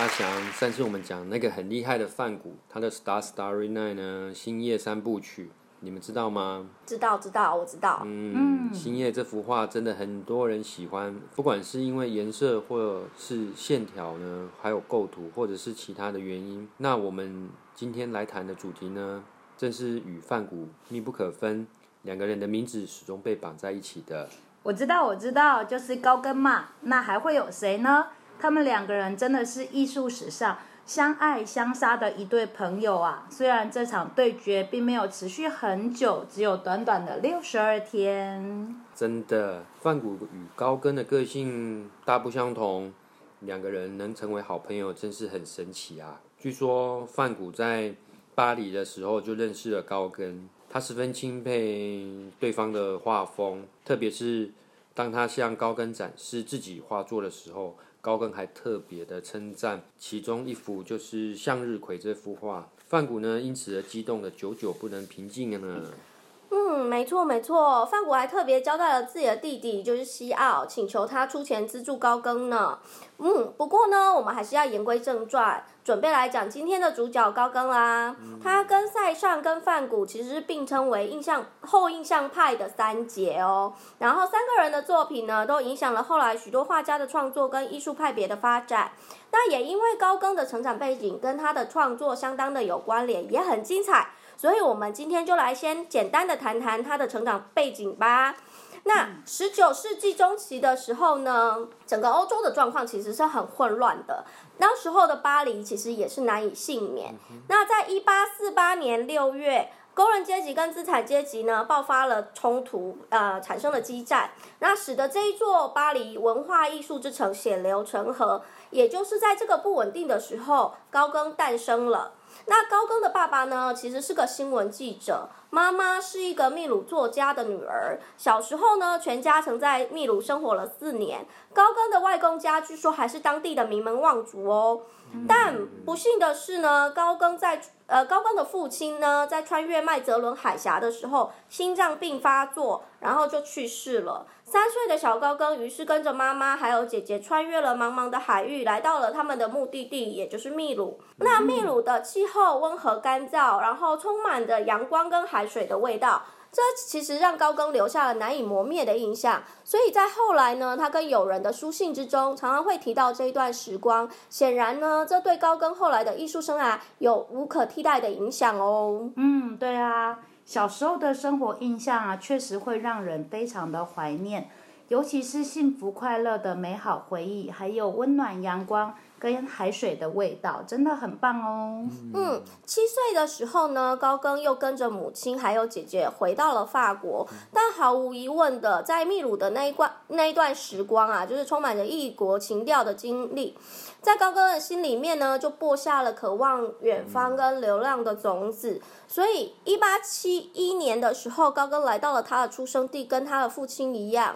阿翔，上次我們講那個很厲害的梵谷他的《Star Starry Night》呢，星夜三部曲，你們知道嗎？知道，知道，我知道。嗯，嗯星夜這幅畫真的很多人喜歡，不管是因為顏色，或者是線條呢，還有構圖，或者是其他的原因。那我們今天來談的主題呢，正是與梵谷密不可分，兩個人的名字始終被綁在一起的。我知道，我知道，就是高更嘛。那還會有誰呢？他們兩個人真的是藝術史上相愛相殺的一對朋友啊！雖然這場對決並沒有持續很久，只有短短的六十二天。真的，梵谷與高更的個性大不相同，兩個人能成為好朋友真是很神奇啊！據說梵谷在巴黎的時候就認識了高更，他十分欽佩對方的畫風，特別是當他向高更展示自己畫作的時候。高更還特別的稱讚其中一幅，就是向日葵這幅畫，梵谷呢，因此而激動的久久不能平靜的呢。嗯、沒錯沒錯，梵谷還特別交代了自己的弟弟，就是西奧，請求他出錢資助高更呢。嗯，不過呢，我們還是要言歸正傳，準備來講今天的主角高更啦、啊。他跟塞尚跟梵谷其實是並稱為印象後印象派的三傑哦。然後三個人的作品呢，都影響了後來許多畫家的創作跟藝術派別的發展。那也因為高更的成長背景跟他的創作相當的有關聯，也很精彩。所以，我們今天就來先簡單的談談他的成長背景吧。那十九世紀中期的時候呢，整個歐洲的狀況其實是很混亂的。那時候的巴黎其實也是難以幸免。那在一八四八年六月，工人階級跟資產階級呢爆發了衝突，呃，產生了激戰，那使得這一座巴黎文化藝術之城血流成河。也就是在這個不穩定的時候，高更誕生了。那高更的爸爸呢，其實是個新聞記者，媽媽是一個秘魯作家的女兒。小時候呢，全家曾在秘魯生活了四年。高更的外公家據說還是當地的名門望族哦。但不幸的是呢，高更在。呃，高更的父親呢，在穿越麥哲倫海峽的時候，心臟病發作，然後就去世了。三歲的小高更於是跟着媽媽還有姐姐，穿越了茫茫的海域，來到了他們的目的地，也就是秘魯。那秘魯的氣候溫和乾燥，然後充滿着陽光跟海水的味道。這其實讓高更留下了難以磨滅的印象，所以在後來呢，他跟友人的書信之中常常會提到這一段時光。顯然呢，這對高更後來的藝術生涯，啊，有無可替代的影響哦。嗯，對啊，小時候的生活印象啊，確實會讓人非常的懷念，尤其是幸福快樂的美好回憶，還有溫暖陽光跟海水的味道真的很棒哦。嗯，七歲的時候呢，高更又跟着母親還有姐姐回到了法國。但毫無疑問的，在秘魯的那一段那一段時光啊，就是充滿着異國情調的經歷，在高更的心裡面呢，就播下了渴望遠方跟流浪的種子。所以，一八七一年的時候，高更來到了他的出生地，跟他的父親一樣。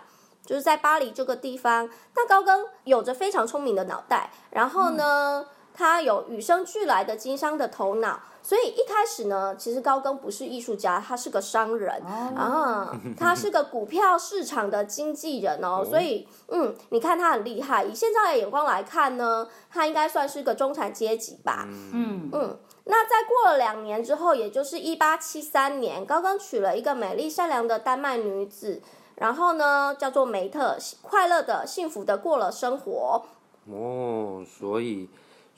就是在巴黎這個地方，那高更有着非常聰明的腦袋，然後呢，嗯、他有與生俱來的經商的頭腦，所以一開始呢，其實高更不是藝術家，他是個商人、哦啊，他是個股票市場的經紀人哦，哦所以，嗯，你看他很厲害，以現在的眼光來看呢，他應該算是個中產階級吧，嗯嗯，那再過了兩年之後，也就是一八七三年，高更娶了一個美麗善良的丹麥女子。然後呢，叫做梅特，快樂的、幸福的過了生活。哦，所以，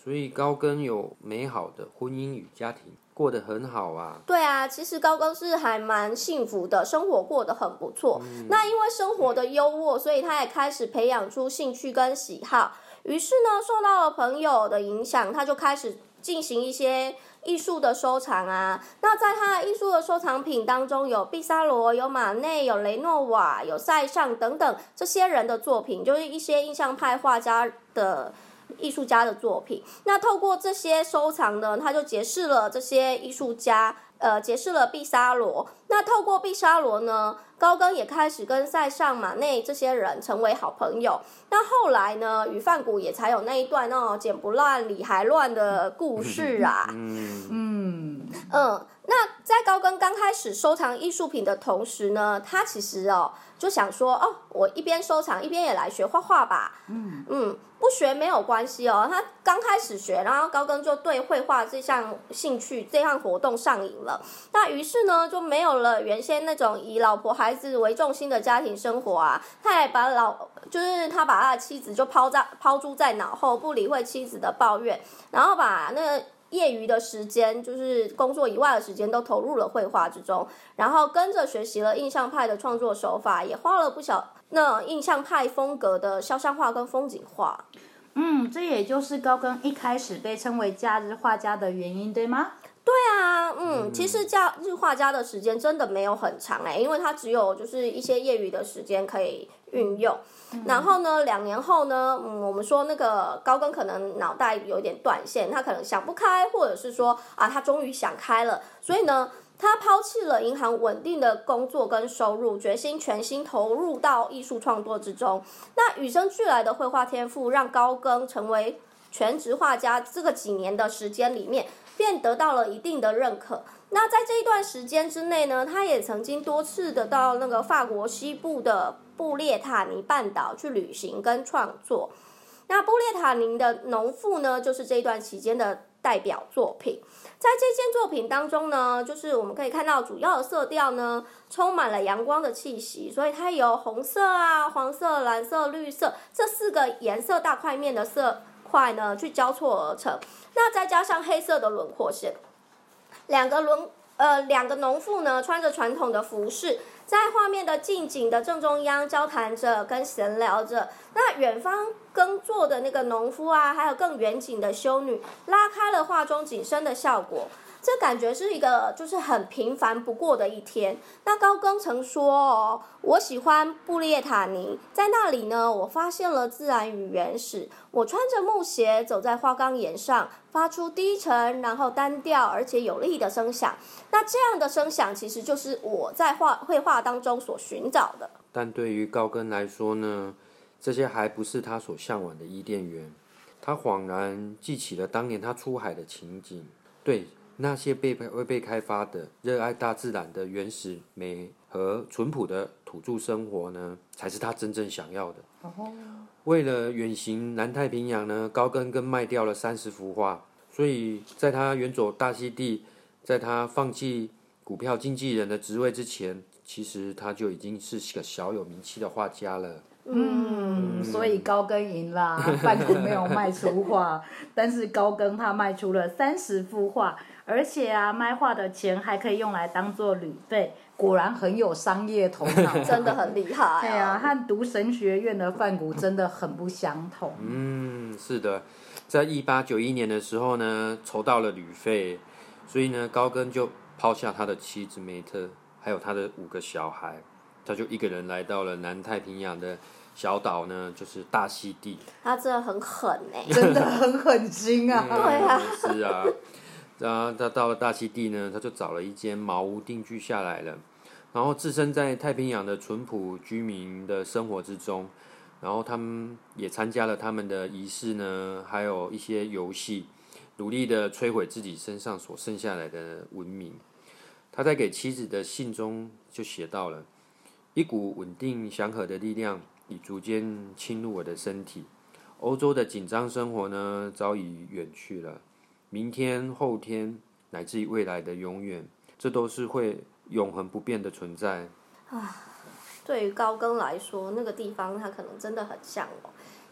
所以高更有美好的婚姻與家庭，過得很好啊。對啊，其實高更是還蠻幸福的，生活過得很不錯。嗯，那因為生活的優渥，對所以他也開始培養出興趣跟喜好。於是呢，受到了朋友的影響，他就開始進行一些。藝術的收藏啊，那在他的藝術的收藏品當中有畢沙羅、有馬內、有雷諾瓦、有塞尚等等這些人的作品，就是一些印象派畫家的藝術家的作品。那透過這些收藏呢，他就結識了這些藝術家。呃，結識了畢沙羅。那透過畢沙羅呢，高更也開始跟塞尚、馬內這些人成為好朋友。那後來呢，與梵谷也才有那一段哦，剪不斷理還亂的故事啊。嗯 嗯。嗯嗯那在高更剛開始收藏藝術品的同時呢，他其實哦就想說哦，我一邊收藏一邊也來學畫畫吧。嗯嗯，不學沒有關係哦。他剛開始學，然後高更就對繪畫這項興趣這項活動上癮了。那於是呢就沒有了原先那種以老婆孩子為重心的家庭生活啊。他也把老就是他把他的妻子就拋在拋諸在腦後，不理會妻子的抱怨，然後把那個。業餘的時間，就是工作以外的時間，都投入了繪畫之中，然後跟着學習了印象派的創作手法，也畫了不少那印象派風格的肖像畫跟風景畫。嗯，這也就是高更一開始被稱為假日畫家的原因，對嗎？對啊，嗯，其實假日畫家的時間真的沒有很長哎、欸，因為他只有就是一些業餘的時間可以運用。然後呢，兩年後呢，嗯，我們說那個高更可能腦袋有點斷線，他可能想不開，或者是說啊，他終於想開了，所以呢，他拋棄了銀行穩定的工作跟收入，決心全心投入到藝術創作之中。那與生俱來的繪畫天賦讓高更成為全職畫家。這個幾年的時間裡面。便得到了一定的認可。那在這一段時間之內呢，他也曾經多次的到那個法國西部的布列塔尼半島去旅行跟創作。那布列塔尼的農婦呢，就是這一段期間的代表作品。在這件作品當中呢，就是我們可以看到主要的色調呢，充滿了陽光的氣息，所以它有紅色啊、黃色、藍色、綠色這四個顏色大塊面的色。塊呢去交錯而成，那再加上黑色的輪廓線，兩個輪呃兩個農婦呢穿着傳統的服飾，在畫面的近景的正中央交談着跟閒聊着，那遠方耕作的那個農夫啊，還有更遠景的修女拉開了畫中景深的效果。這感覺是一個就是很平凡不過的一天。那高更曾說：“哦，我喜歡布列塔尼，在那裡呢，我發現了自然與原始。我穿着木鞋走在花崗岩上，發出低沉、然後單調而且有力的聲響。那這樣的聲響，其實就是我在畫繪畫當中所尋找的。”但對於高更來說呢，這些還不是他所向往的伊甸園。他恍然記起了當年他出海的情景。對。那些被未被開發的、熱愛大自然的原始美和淳樸的土著生活呢，才是他真正想要的。為了遠行南太平洋呢，高更更跟賣掉了三十幅畫，所以在他遠走大溪地，在他放棄股票經紀人的職位之前，其實他就已經是個小有名氣的畫家了。嗯，嗯，所以高更贏啦，半途沒有賣出畫， 但是高更他賣出了三十幅畫。而且啊，賣畫的錢還可以用來當做旅費，果然很有商業頭腦，嗯、真的很厲害。 對呀、啊，和讀神學院的梵谷真的很不相同。嗯，是的，在一八九一年的時候呢，籌到了旅費，所以呢，高更就拋下他的妻子梅特，還有他的五個小孩，他就一個人來到了南太平洋的小島呢，就是大溪地。他這、欸、真的很狠呢，真的很狠心啊！對啊、 嗯，是啊。 然後他到了大溪地呢，他就找了一間茅屋定居下來了。然後置身在太平洋的淳樸居民的生活之中，然後他們也參加了他們的儀式呢，還有一些遊戲，努力的摧毀自己身上所剩下來的文明。他在給妻子的信中就寫到了：一股穩定祥和的力量已逐漸侵入我的身體，歐洲的緊張生活呢，早已遠去了。明天、後天，乃至於未來的永遠，這都是會永恆不變的存在。啊，對於高更來說，那個地方他可能真的很像哦。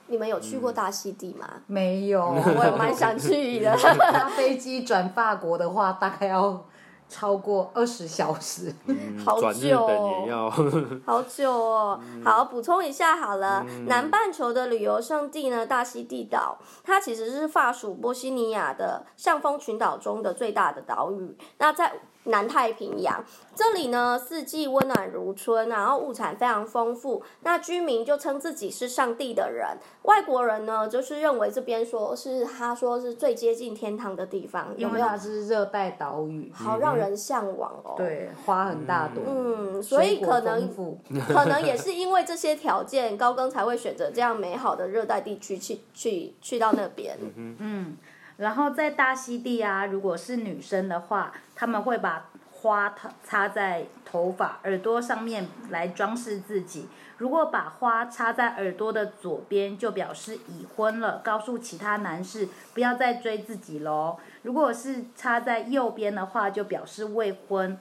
你們有去過大溪地嗎？嗯、沒有，我也蠻想去的。 搭飛機轉法國的話，大概要。超過二十小時，嗯、好久， 好久哦。好，補充一下好了，嗯、南半球的旅遊勝地呢，大溪地島，它其實是法屬波西尼亞的向風群島中的最大的島嶼。那在。南太平洋這裡呢，四季溫暖如春，然後物產非常豐富。那居民就稱自己是上帝的人。外國人呢，就是認為這邊說是他說是最接近天堂的地方，因為他是熱帶島嶼，好讓人向往哦、嗯。對，花很大朵。嗯，所以可能可能也是因為這些條件， 高更才會選擇這樣美好的熱帶地區去去去到那邊。嗯。然後在大溪地啊，如果是女生的話，她們會把花頭插在頭髮、耳朵上面來裝飾自己。如果把花插在耳朵的左邊，就表示已婚了，告訴其他男士不要再追自己嘍。如果是插在右邊的話，就表示未婚。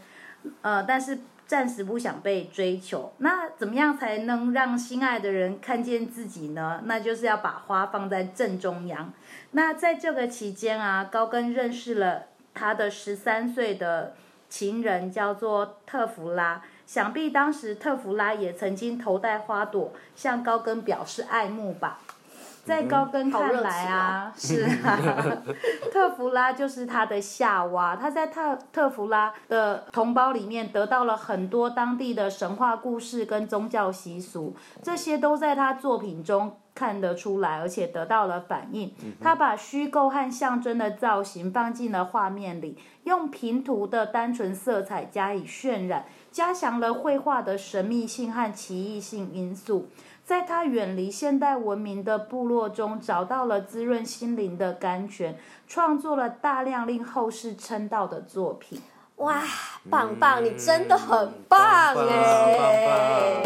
呃，但是。暫時不想被追求，那怎麼樣才能讓心愛的人看見自己呢？那就是要把花放在正中央。那在這個期間啊，高更認識了他的十三歲的情人，叫做特弗拉。想必當時特弗拉也曾經頭戴花朵向高更表示愛慕吧。在高更看來啊，啊 是啊，特弗拉就是他的夏娃。他在特特弗拉的同胞裡面得到了很多當地的神話故事跟宗教習俗，這些都在他作品中看得出來，而且得到了反映。他把虛構和象徵的造型放進了畫面裡，用平塗的單純色彩加以渲染，加強了繪畫的神秘性和奇異性因素。在他遠離現代文明的部落中，找到了滋潤心靈的甘泉，創作了大量令後世稱道的作品。哇，棒棒，你真的很棒哎！嗯，棒棒，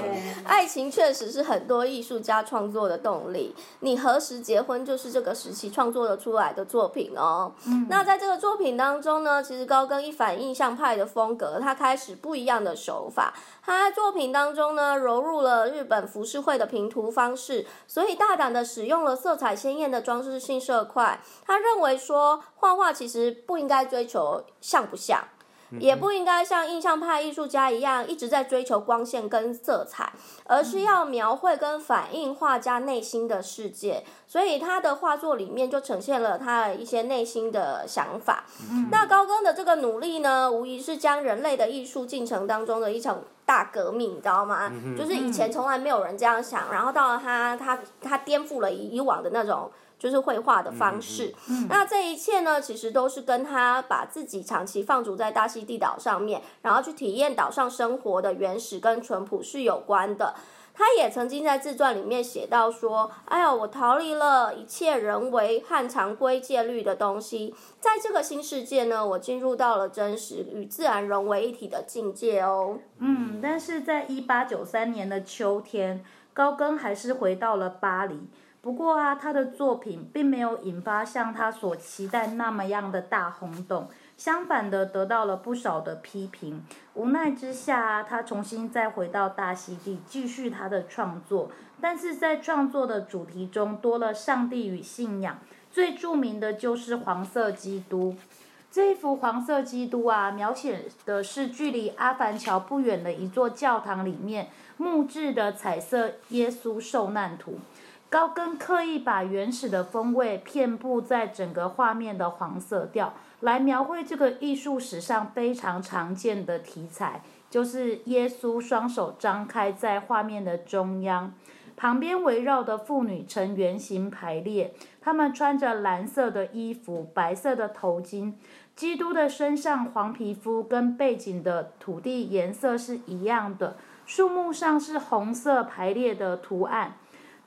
棒棒。愛情確實是很多藝術家創作的動力。你何時結婚，就是這個時期創作的出來的作品哦。嗯。那在這個作品當中呢，其實高更一反印象派的風格，他開始不一樣的手法。他在作品當中呢，融入了日本浮世繪的平塗方式，所以大膽的使用了色彩鮮豔的裝飾性色塊。他認為說，畫畫其實不應該追求像不像。也不應該像印象派藝術家一樣，一直在追求光線跟色彩，而是要描繪跟反映畫家內心的世界。所以他的畫作裡面就呈現了他的一些內心的想法。嗯，那高更的這個努力呢，無疑是將人類的藝術進程當中的一場大革命，你知道嗎？就是以前從來沒有人這樣想，然後到了他，他，他顛覆了以往的那種。就是繪畫的方式，嗯嗯、那這一切呢，其實都是跟他把自己長期放逐在大溪地島上面，然後去體驗島上生活的原始跟淳樸是有關的。他也曾經在自傳裡面寫到說：“哎呀，我逃離了一切人為和常規戒律的東西，在這個新世界呢，我進入到了真實與自然融為一體的境界哦。”嗯，但是在一八九三年的秋天，高更還是回到了巴黎。不過啊，他的作品並沒有引發像他所期待那麼樣的大轟動，相反的得到了不少的批評。無奈之下啊，他重新再回到大溪地繼續他的創作，但是在創作的主題中多了上帝與信仰。最著名的就是《黃色基督》。這一幅《黃色基督》啊，描寫的是距離阿凡橋不遠的一座教堂裡面木質的彩色耶穌受難圖。高更刻意把原始的風味遍布在整個畫面的黃色調，來描繪這個藝術史上非常常見的題材，就是耶穌雙手張開在畫面的中央，旁邊圍繞的婦女呈圓形排列，她們穿着藍色的衣服，白色的頭巾。基督的身上黃皮膚跟背景的土地顏色是一樣的，樹木上是紅色排列的圖案。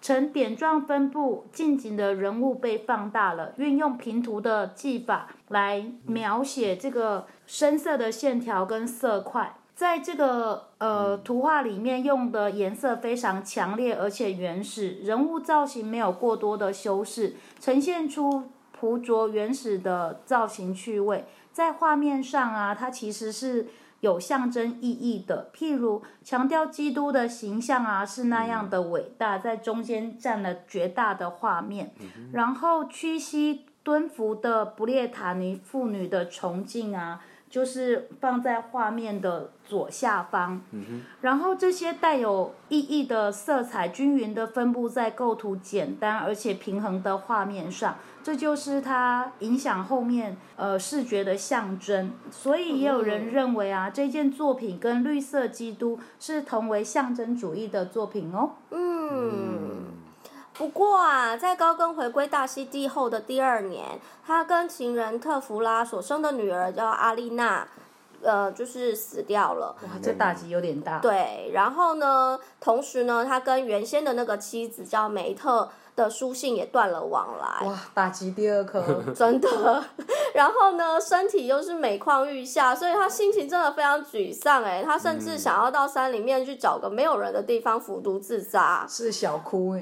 呈點狀分佈，近景的人物被放大了，運用平塗的技法來描寫這個深色的線條跟色塊，在這個呃圖畫裡面用的顏色非常強烈，而且原始，人物造型沒有過多的修飾，呈現出樸拙原始的造型趣味，在畫面上啊，它其實是。有象徵意義的，譬如強調基督的形象啊，是那樣的偉大，在中間占了絕大的畫面。嗯、哼然後屈膝蹲伏的布列塔尼婦女的崇敬啊，就是放在畫面的左下方。嗯、哼然後這些帶有意義的色彩，均勻的分布在構圖簡單而且平衡的畫面上。這就是他影響後面呃視覺的象徵，所以也有人認為啊，嗯、這件作品跟綠色基督是同為象徵主義的作品哦。嗯，不過啊，在高更回歸大溪地後的第二年，他跟情人特弗拉所生的女兒叫阿麗娜，呃，就是死掉了。哇，這打擊有點大。對，然後呢，同時呢，他跟原先的那個妻子叫梅特，的書信也斷了往來，哇！打擊第二顆， 真的。 然後呢，身體又是每況愈下，所以他心情真的非常沮喪哎。嗯、他甚至想要到山裡面去找個沒有人的地方服毒自殺，是小哭，哦、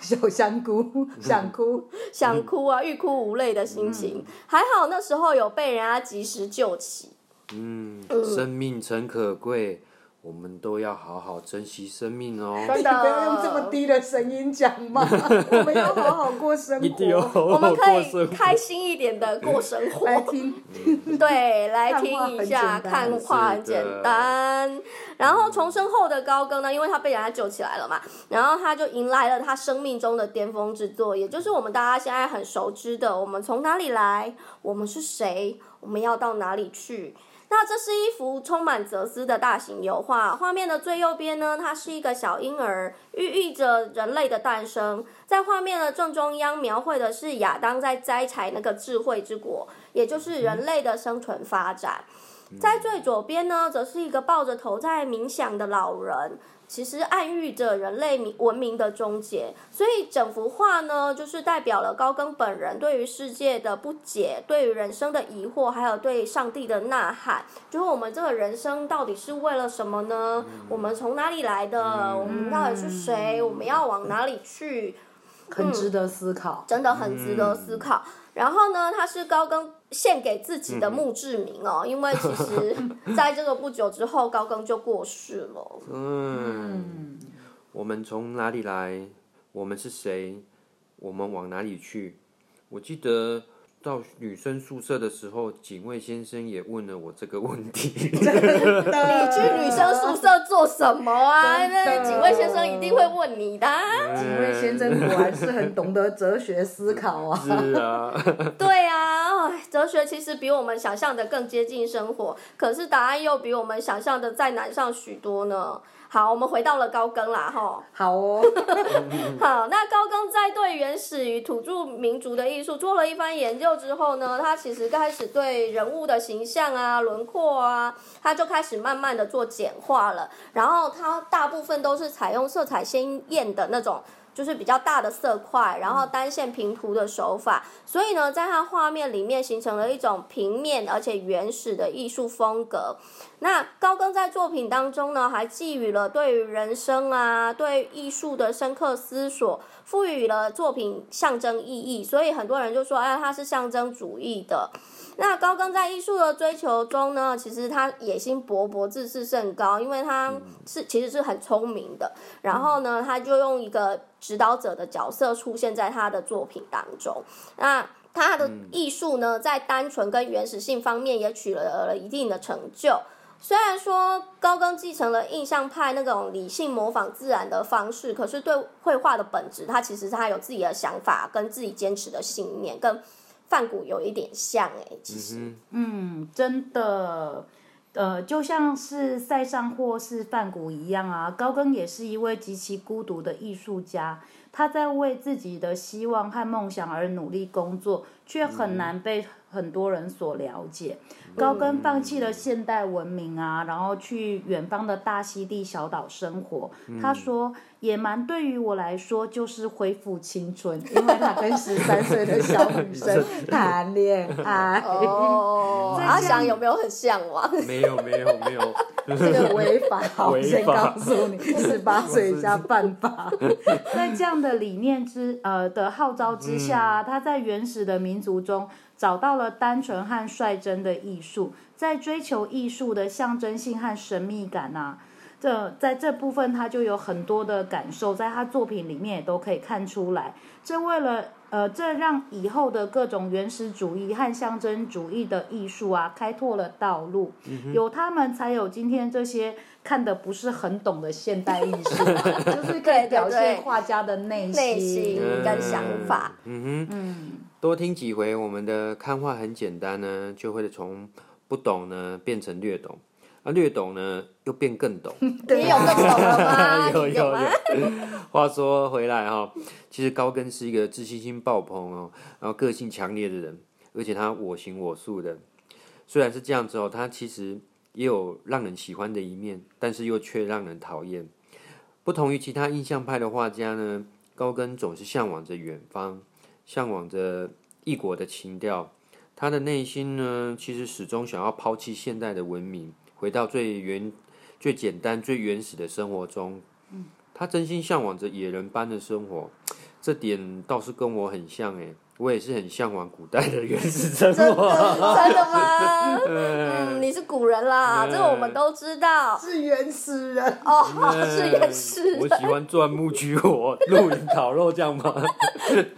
想小香菇想哭、嗯、想哭啊，嗯、欲哭無淚的心情。嗯、還好那時候有被人家及時救起，嗯，嗯生命誠可貴。我們都要好好珍惜生命哦！一定不要用這麼低的聲音講嘛！ 我們要好好過生活， 我們可以開心一點的過生活。 來聽， 對，來聽一下， 看畫很簡單。簡單。是的。然後重生後的高更呢，因為他被人家救起來了嘛，然後他就迎來了他生命中的巔峰之作，也就是我們大家現在很熟知的《我們從哪裡來？我們是誰？我們要到哪裡去？》那這是一幅充滿哲思的大型油畫。畫面的最右邊呢，它是一個小嬰兒，寓意着人類的誕生。在畫面的正中央，描繪的是亞當在摘採那個智慧之果，也就是人類的生存發展。在最左邊呢，則是一個抱着頭在冥想的老人。其實暗喻着人類文明的終結，所以整幅畫呢，就是代表了高更本人對於世界的不解，對於人生的疑惑，還有對上帝的吶喊。就是我們這個人生到底是為了什麼呢？嗯、我們從哪裡來的？嗯、我們到底是誰？我們要往哪裡去？很值得思考，嗯，真的很值得思考。嗯嗯然後呢，他是高更獻給自己的墓志銘哦，嗯、因為其實在這個不久之後， 高更就過世了。嗯，嗯我們從哪裡來？我們是誰？我們往哪裡去？我記得。到女生宿舍的時候，警衛先生也問了我這個問題。 真的，你去女生宿舍做什麼啊？那警的的衛先生一定會問你的。警、嗯、衛先生果然是很懂得哲學思考啊。 是啊。 對。哲學其實比我們想象的更接近生活，可是答案又比我們想象的再難上許多呢。好，我們回到了高更啦，哈。好哦， 好。那高更在對原始與土著民族的藝術做了一番研究之後呢，他其實開始對人物的形象啊、輪廓啊，他就開始慢慢的做簡化了。然後他大部分都是採用色彩鮮豔的那種。就是比較大的色塊，然後單線平塗的手法，所以呢，在他畫面裡面形成了一種平面而且原始的藝術風格。那高更在作品當中呢，還寄予了對於人生啊、對藝術的深刻思索，賦予了作品象徵意義，所以很多人就說，哎、啊，他是象徵主義的。那高更在藝術的追求中呢，其實他野心勃勃、自視甚高，因為他是其實是很聰明的，然後呢，他就用一個指導者的角色出現在他的作品當中。那他的藝術呢，在單純跟原始性方面也取得了一定的成就。雖然說高更繼承了印象派那種理性模仿自然的方式，可是對繪畫的本質，他其實他有自己的想法跟自己堅持的信念，跟梵谷有一點像哎、欸，其實，嗯，真的。呃，就像是塞尚或是梵谷一樣啊，高更也是一位極其孤獨的藝術家，他在為自己的希望和夢想而努力工作，卻很難被很多人所了解，高更放棄了現代文明啊，然後去遠方的大溪地小島生活。他說：“野蠻對於我來說就是恢復青春，因為他跟十三歲的小女生談戀愛、嗯。”哦，阿翔、啊、有沒有很嚮往？沒有，沒有，沒有。 這個違法，違法，我先告訴你，十八歲以下犯法。在這樣的理念之呃、的號召之下，嗯、他在原始的民族中。找到了單純和率真的藝術，在追求藝術的象徵性和神秘感吶、啊，這在這部分他就有很多的感受，在他作品裡面也都可以看出來。這為了呃，這讓以後的各種原始主義和象徵主義的藝術啊，開拓了道路。嗯、哼有他們才有今天這些看的不是很懂的現代藝術、啊， 就是可以表現畫家的內心，對對對內心跟想法。嗯哼嗯。多聽幾回，我們的看畫很簡單呢，就會從不懂呢變成略懂，啊，略懂呢又變更懂。 你有更懂嗎？有有有。話說回來哈、喔，其實高更是一個自信心爆棚哦、喔，然後個性強烈的人，而且他我行我素的。雖然是這樣之後、喔，他其實也有讓人喜歡的一面，但是又卻讓人討厭。不同於其他印象派的畫家呢，高更總是向往着遠方。嚮往着異國的情調，他的內心呢，其實始終想要拋棄現代的文明，回到最原、最簡單、最原始的生活中。他真心嚮往着野人般的生活，這點倒是跟我很像哎、欸。我也是很嚮往古代的原始生活，真的嗎？ 嗯，嗯，你是古人啦，嗯、這個我們都知道，是原始人哦，嗯、是原始人。我喜歡鑽木取火、露營烤肉，這樣嗎？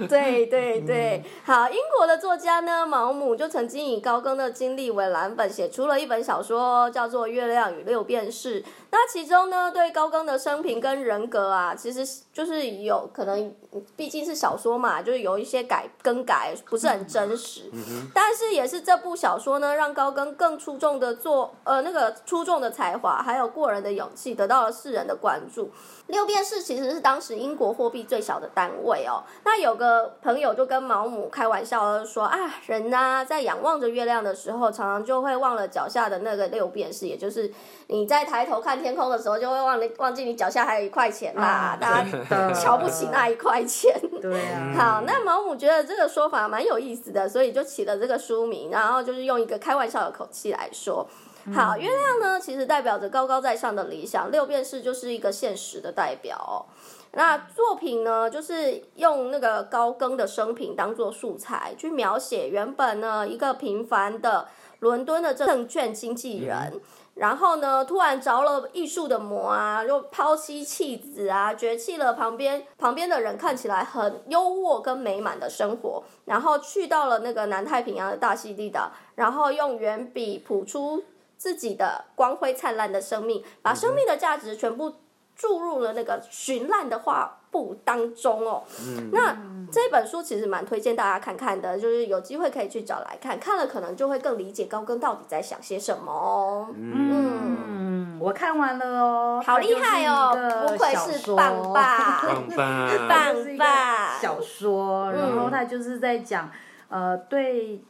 對 對 對，對對嗯、好。英國的作家呢，毛姆就曾經以高更的經歷為藍本，寫出了一本小說，叫做《月亮與六便士》。那其中呢，對高更的生平跟人格啊，其實就是有可能，畢竟是小說嘛，就是有一些改更改，不是很真實。嗯、哼但是也是這部小說呢，讓高更更出眾的做，呃，那個出眾的才華還有過人的勇氣，得到了世人的關注。六便士其實是當時英國貨幣最小的單位哦。那有個朋友就跟毛姆開玩笑說：“啊，人啊，在仰望着月亮的時候，常常就會忘了腳下的那個六便士，也就是你在抬頭看天空的時候，就會忘了忘記你腳下還有一塊錢啦，嗯，啊，大家瞧不起那一塊錢。”對啊。好，那毛姆覺得這個說法蠻有意思的，所以就起了這個書名，然後就是用一個開玩笑的口氣來說。好，月亮呢，其實代表着高高在上的理想。六便士就是一個現實的代表。那作品呢，就是用那個高更的生平當做素材，去描寫原本呢一個平凡的倫敦的證券經紀人，然後呢突然着了藝術的魔啊，又拋妻棄子啊，崛起了旁邊旁邊的人，看起來很優渥跟美滿的生活，然後去到了那個南太平洋的大溪地島，然後用圓筆譜出，自己的光輝燦爛的生命，把生命的價值全部注入了那個絢爛的畫布當中哦、喔。嗯、那這本書其實蠻推薦大家看看的，就是有機會可以去找來看，看了可能就會更理解高更到底在想些什麼哦、喔。嗯，嗯，我看完了哦、喔，好厲害哦、喔，不愧是棒爸，是棒，棒棒小說。然後他就是在講，呃，對。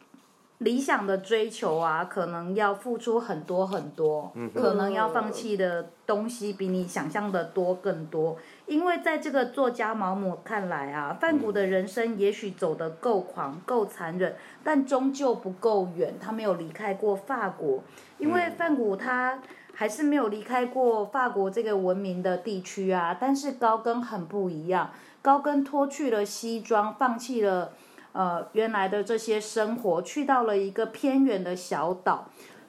理想的追求啊，可能要付出很多很多，可能要放棄的東西比你想象的多更多。因為在這個作家毛姆看來啊，梵谷的人生也許走得夠狂夠殘忍，但終究不夠遠，他沒有離開過法國。因為梵谷他還是沒有離開過法國這個文明的地區啊。但是高更很不一樣，高更脫去了西裝，放棄了。呃，原來的這些生活，去到了一個偏遠的小島，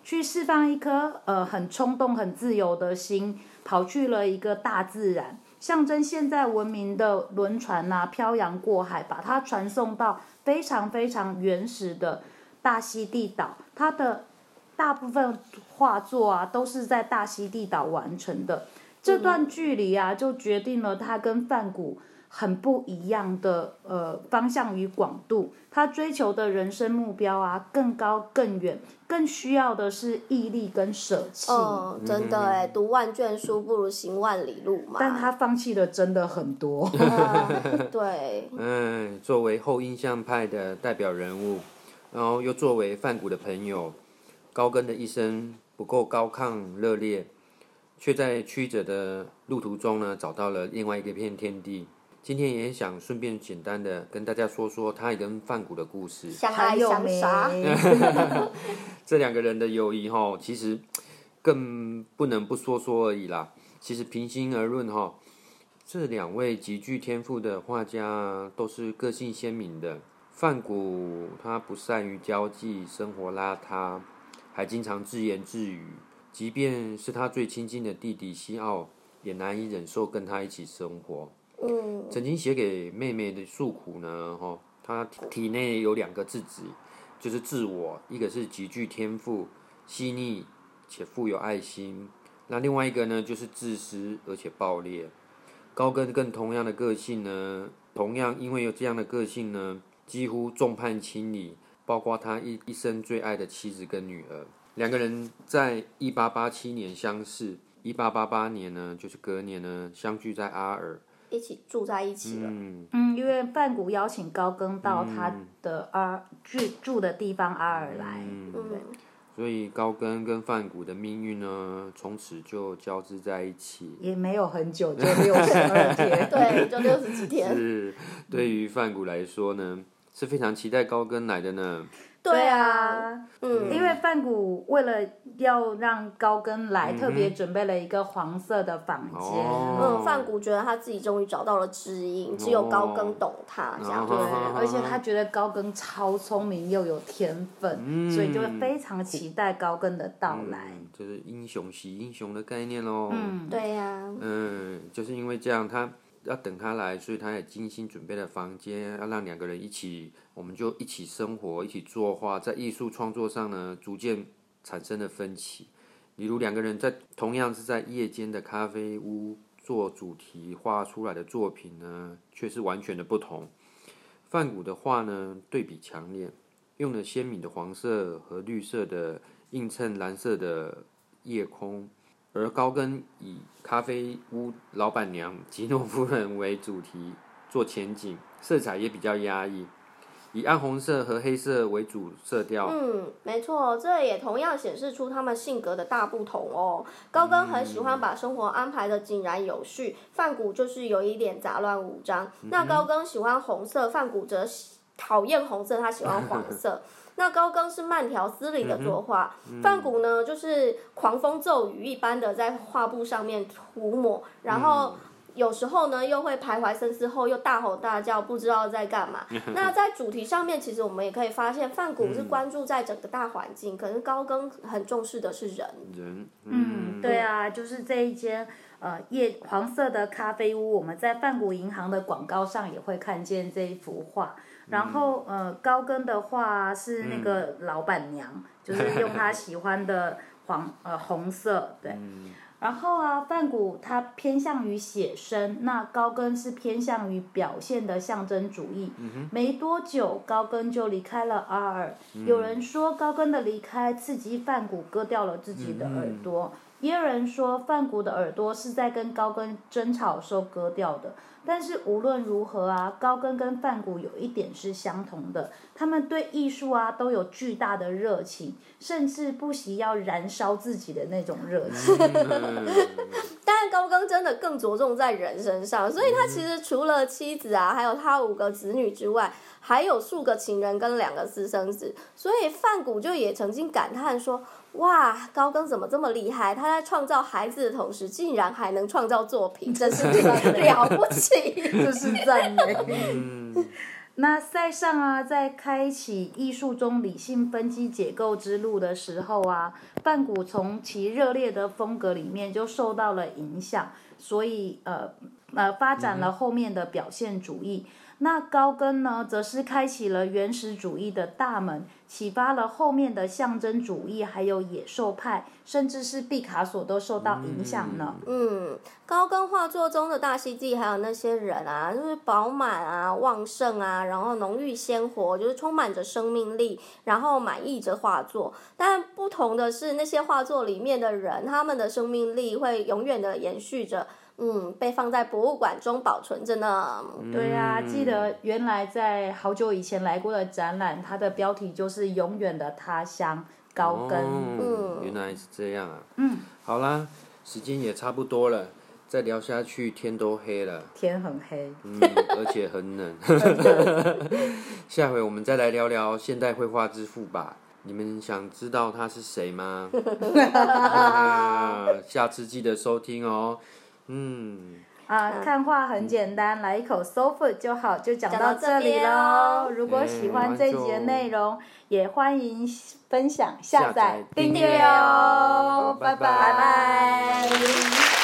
去釋放一顆呃很衝動、很自由的心，跑去了一個大自然，象徵現在文明的輪船吶、啊，漂洋過海，把它傳送到非常非常原始的大溪地島。它的大部分畫作啊，都是在大溪地島完成的。這段距離啊，就決定了他跟梵谷。很不一樣的呃方向與廣度，他追求的人生目標啊更高更遠，更需要的是毅力跟捨棄，嗯。真的哎，欸，讀萬卷書不如行萬里路嘛。但他放棄的真的很多。嗯、對、嗯。作為後印象派的代表人物，然後又作為梵谷的朋友，高更的一生不夠高亢熱烈，卻在曲折的路途中呢找到了另外一個片天地。今天也想順便簡單的跟大家說說他也跟梵谷的故事想，想愛想啥？這兩個人的友誼哈，其實更不能不說說而已啦。其實平心而論哈，這兩位極具天賦的畫家都是個性鮮明的。梵谷他不善於交際，生活邋遢，他還經常自言自語。即便是他最親近的弟弟西奧，也難以忍受跟他一起生活。嗯、曾經寫給妹妹的訴苦呢，她體內有兩個自己，就是自我，一個是極具天賦、細膩且富有愛心，那另外一個呢，就是自私而且暴烈。高更更同樣的個性呢，同樣因為有這樣的個性呢，幾乎眾叛親離，包括他一一生最愛的妻子跟女兒。兩個人在一八八七年相識，一八八八年呢，就是隔年呢，相聚在阿爾。一起住在一起了。嗯，嗯，因為梵谷邀請高更到他的啊，住、嗯、住的地方阿爾來，嗯、對，對所以高更跟，跟梵谷的命運呢，從此就交織在一起。也沒有很久，就六十幾天， 對，就六十幾天。是，對於梵谷來說呢，是非常期待高更來的呢。對啊，嗯，因為梵谷為了要讓高更來，特別準備了一個黃色的房間。嗯，梵谷覺得他自己終於找到了知音，只有高更懂他這樣，對，而且他覺得高更超聰明又有天分，所以就會非常期待高更的到來。就是英雄惜英雄的概念嘍。嗯，對呀。嗯，就是因為這樣他。要等他來，所以他也精心準備了房間，要讓兩個人一起，我們就一起生活，一起作畫。在藝術創作上呢，逐漸產生了分歧。例如，兩個人在同樣是在夜間的咖啡屋做主題畫出來的作品呢，卻是完全的不同。梵谷的畫呢，對比強烈，用了鮮明的黃色和綠色的映襯藍色的夜空。而高更以咖啡屋老闆娘吉諾夫人為主題做前景，色彩也比較壓抑，以暗紅色和黑色為主色調。嗯，沒錯，這也同樣顯示出他們性格的大不同哦。高更很喜歡把生活安排得井然有序，梵谷、嗯、就是有一點雜亂無章。嗯、哼那高更喜歡紅色，梵谷則討厭紅色，他喜歡黃色。 那高更是慢條斯理的作畫，嗯嗯、梵谷呢就是狂風驟雨一般的在畫布上面塗抹，然後有時候呢又會徘徊深思後又大吼大叫，不知道在幹嘛。嗯、哼那在主題上面，其實我們也可以發現，梵谷是關注在整個大環境，嗯、可是高更很重視的是人。人，嗯，嗯，對啊，就是這一間呃夜黃色的咖啡屋，我們在梵谷銀行的廣告上也會看見這一幅畫。然後，呃，高更的話、啊、是那個老闆娘，嗯、就是用她喜歡的黃 呃紅色，對。嗯、然後啊，梵谷他偏向於寫生，那高更是偏向於表現的象徵主義。嗯、哼沒多久，高更就離開了阿爾。嗯、有人說高更的離開刺激梵谷割掉了自己的耳朵，嗯嗯、也有人說梵谷的耳朵是在跟高更爭吵的時候割掉的。但是無論如何啊，高更跟梵谷有一點是相同的，他們對藝術啊都有巨大的熱情，甚至不惜要燃燒自己的那種熱情。嗯啊、 但高更真的更着重在人身上，所以他其實除了妻子啊，還有他五個子女之外，還有數個情人跟兩個私生子。所以梵谷就也曾經感嘆說。哇，高更怎麼這麼厲害？他在創造孩子的同時，竟然還能創造作品，真是真了不起，這是真的。那塞尚啊，在開啟藝術中理性分析解構之路的時候啊，梵谷從其熱烈的風格裡面就受到了影響，所以呃呃，發展了後面的表現主義。嗯那高更呢，則是開啟了原始主義的大門，啟發了後面的象徵主義，還有野獸派，甚至是畢卡索都受到影響呢。嗯，高更畫作中的大溪地，還有那些人啊，就是飽滿啊、旺盛啊，然後濃郁鮮活，就是充滿着生命力，然後滿溢着畫作。但不同的是，那些畫作裡面的人，他們的生命力會永遠的延續着。嗯，被放在博物館中保存着呢。嗯、對啊，記得原來在好久以前來過的展覽，它的標題就是《永遠的他鄉》高更。嗯、哦、原來是這樣啊。嗯。好啦，時間也差不多了，再聊下去天都黑了。天很黑。嗯，而且很冷。 下回我們再來聊聊現代繪畫之父吧。你們想知道他是誰嗎？ 啊？下次記得收聽哦、喔。嗯，啊，看畫很簡單，嗯、來一口 so food 就好，就講到這裡咯，哦、如果喜歡這一集的內容，嗯、也歡迎分享、下載、訂閱哦。拜拜載好拜拜。拜拜。